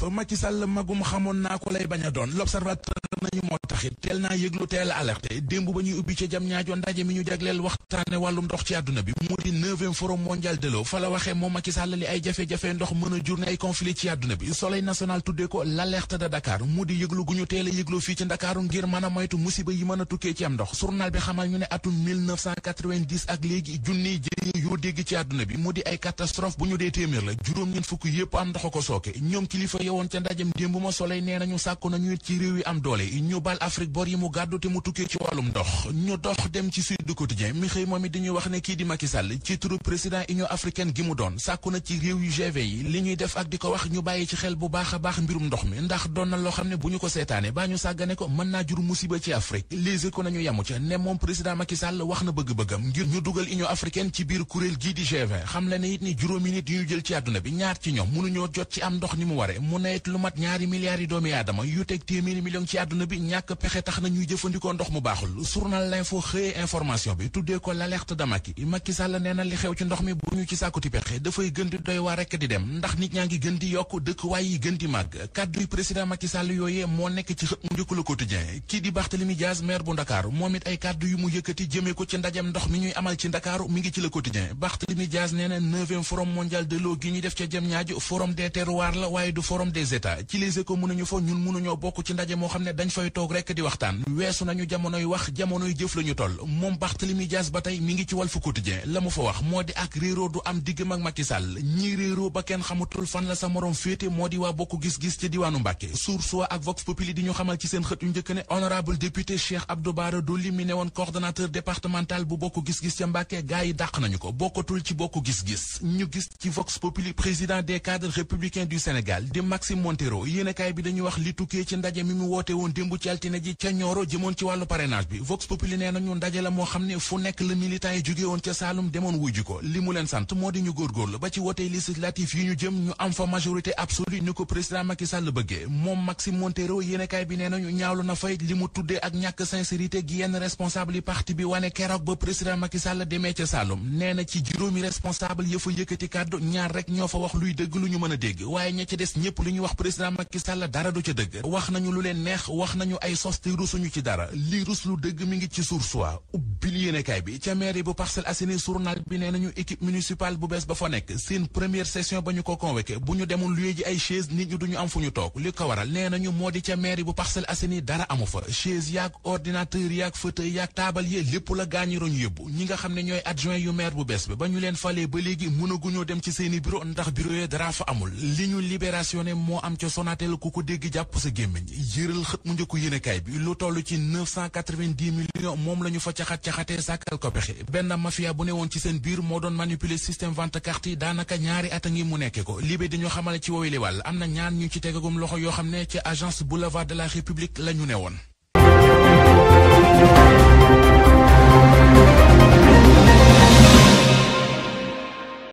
def Macky Sall magum xamoon naa ko lay bañ a doon l'observateur nañu moo taxit teel naa yëglu teel a démb ba ñuy ubbi ca jam ñaajo ndaje mi ñu jagleel waxtaane wàllum ndox ci àdduna bi mu di neuvième forum mondial de l'eau fa la waxee moom Macky Sall li ay jafe-jafe ndox mën a jur ne ay conflit ci àdduna bi soleil national tuddee ko l'alerte de Dakar mu di yëglu gu ñu teel a fii ci Ndakaaru ngir mën a moytu musiba yi mën a tukkee ci am ndox journal bi xamal ñu ne atum 1990 ak léegi junniy yi yoo dégg ci àdduna bi mu di ay catastrophe bu ñu dee téeméer la juróom ñeent fukk yépp am ndox ko sooke ñoom kilifa yowoon ca ndajem démb ma soley nee nañu sàkku nañu ci réew yi am doole ñu bal Afrique bor yi mu gàddu te mu tukkee ci wàllum ndox ñu dox dem ci Sud Quotidien mi xëy moom it dañuy wax ne kii di Macky Sall ci turu président union africaine gi mu doon sàkku na ci réew yu g yi li ñuy def ak di ko wax ñu bàyyi ci xel bu baax a baax mbirum ndox mi ndax doon na biir kuréel gii di G20 xam la ne it ni juróomi nit yu ñu jël ci àdduna bi ñaar ci ñoom mënuñoo jot ci am ndox ni mu ware mu ne it lu mat ñaari milliards yi doomi aadama yu teg téeméeri million ci àdduna bi ñàkk pexe tax na ñuy jëfandikoo ndox mu baaxul journal l'info xëyee information bi tuddee ko l'alerte de Macky Macky Sall nee na li xew ci ndox mi bu ñu ci sàkkuti pexe dafay gën di doy waar rekk di dem ndax nit ñaa ngi gën di yokk dëkkuwaay yi gën di màgg kàdduy président Macky Sall yooyee moo nekk ci xët mu njëkk Le Quotidien kii di Barthélémy Diaz maire bu Ndakaaru moom it ay kàddu yu ko ci ndajem ndox mi ñuy amal ci Ndakaaru mi ngi ci quotidien Barthélémy Diaz nee na neuvième forum mondial de l'eau gi ñu def ca jëm ñaaju forum des terroirs la waaye du forum des états ci les éco mënuñu fa ñun mënuñoo bokk ci ndaje moo xam ne dañ fay toog rek di waxtaan weesu nañu jamonoy wax jamonoy jëf la toll moom Barthélémy Diaz ba tey mi ngi ci Walf Quotidien la mu fa wax moo di ak réeroo du am diggam ak Macky ñii réeroo ba kenn xamutul fan la sa morom féete moo di waa bokk gis-gis ci diwaanu Mbàkke Source A nañu ko bokkatul ci bokk gis-gis ñu gis ci Vox Populi président des cadres républicains du Sénégal di Maxime Montero yéenekaay bi dañuy wax li tukkee ci ndaje mi mu woote woon démb ci altine ji ca Nioro jëmoon ci wàllu parrainage bi Vox Populi nee nañu ndaje la moo xam ne fu nekk la militan yi jóge woon ca Saalum demoon wujju ko li mu leen sant moo di ñu góorgóorlu ba ci wote législatif yi ñu jëm ñu am fa majorité absolue ni ko président Macky Sall bëggee moom Maxime Montero yéenekaay bi nee nañu ñaawlu na fay li mu tuddee ak ñàkk gi yenn responsable yi bi wane keroog ba président Macky Sall demee ca Saalum nee na ci juróomi responsable ya fa yëkkati kàddu ñaar rek ñoo fa wax luy dëgg lu ñu mën a dégg waaye ña ci des ñëpp lu ñu wax président Macky Sall dara du ca dëgg wax nañu lu leen neex wax nañu ay sos te ñu ci dara li rus lu dëgg mi ngi ci source wa ubbil yéenekaay bi ca mairie bu Parcelles Assainies journal bi nee nañu équipe municipale bu bees ba fa nekk seen première session ba ñu ko convoqué bu ñu demul luye ji ay chaise nit ñu duñu am fu ñu toog li ko waral nee nañu moo di ca mairie bu Parcelles Assainies dara amu fa chaise yaag ordinateur yaag fauteuil yaag taabal ya lépp la gaañiroñu yóbbu ñi nga xam ne ñooy adjoint yu maire bu bees bi ba ñu leen falee ba léegi mënaguñoo dem ci seeni bureau ndax bureau yee dara fa amul li ñu libération ne moo am ca Sonatel ku ko dégg jàpp sa gémmiñ yëral xët mu njëkku yéenekaay bi lu toll ci 990 millions moom lañu ñu fa caxat-caxatee sàkkal ko pexe benn mafia bu ne woon ci seen biir moo doon manipuler système vente carte yi daanaka ñaari at a ngi mu nekke ko libé dañoo xamale ci woowu li am na ñaan ñu ci tegagum loxo yoo xam ne ci agence boulevard de la république la ñu ne woon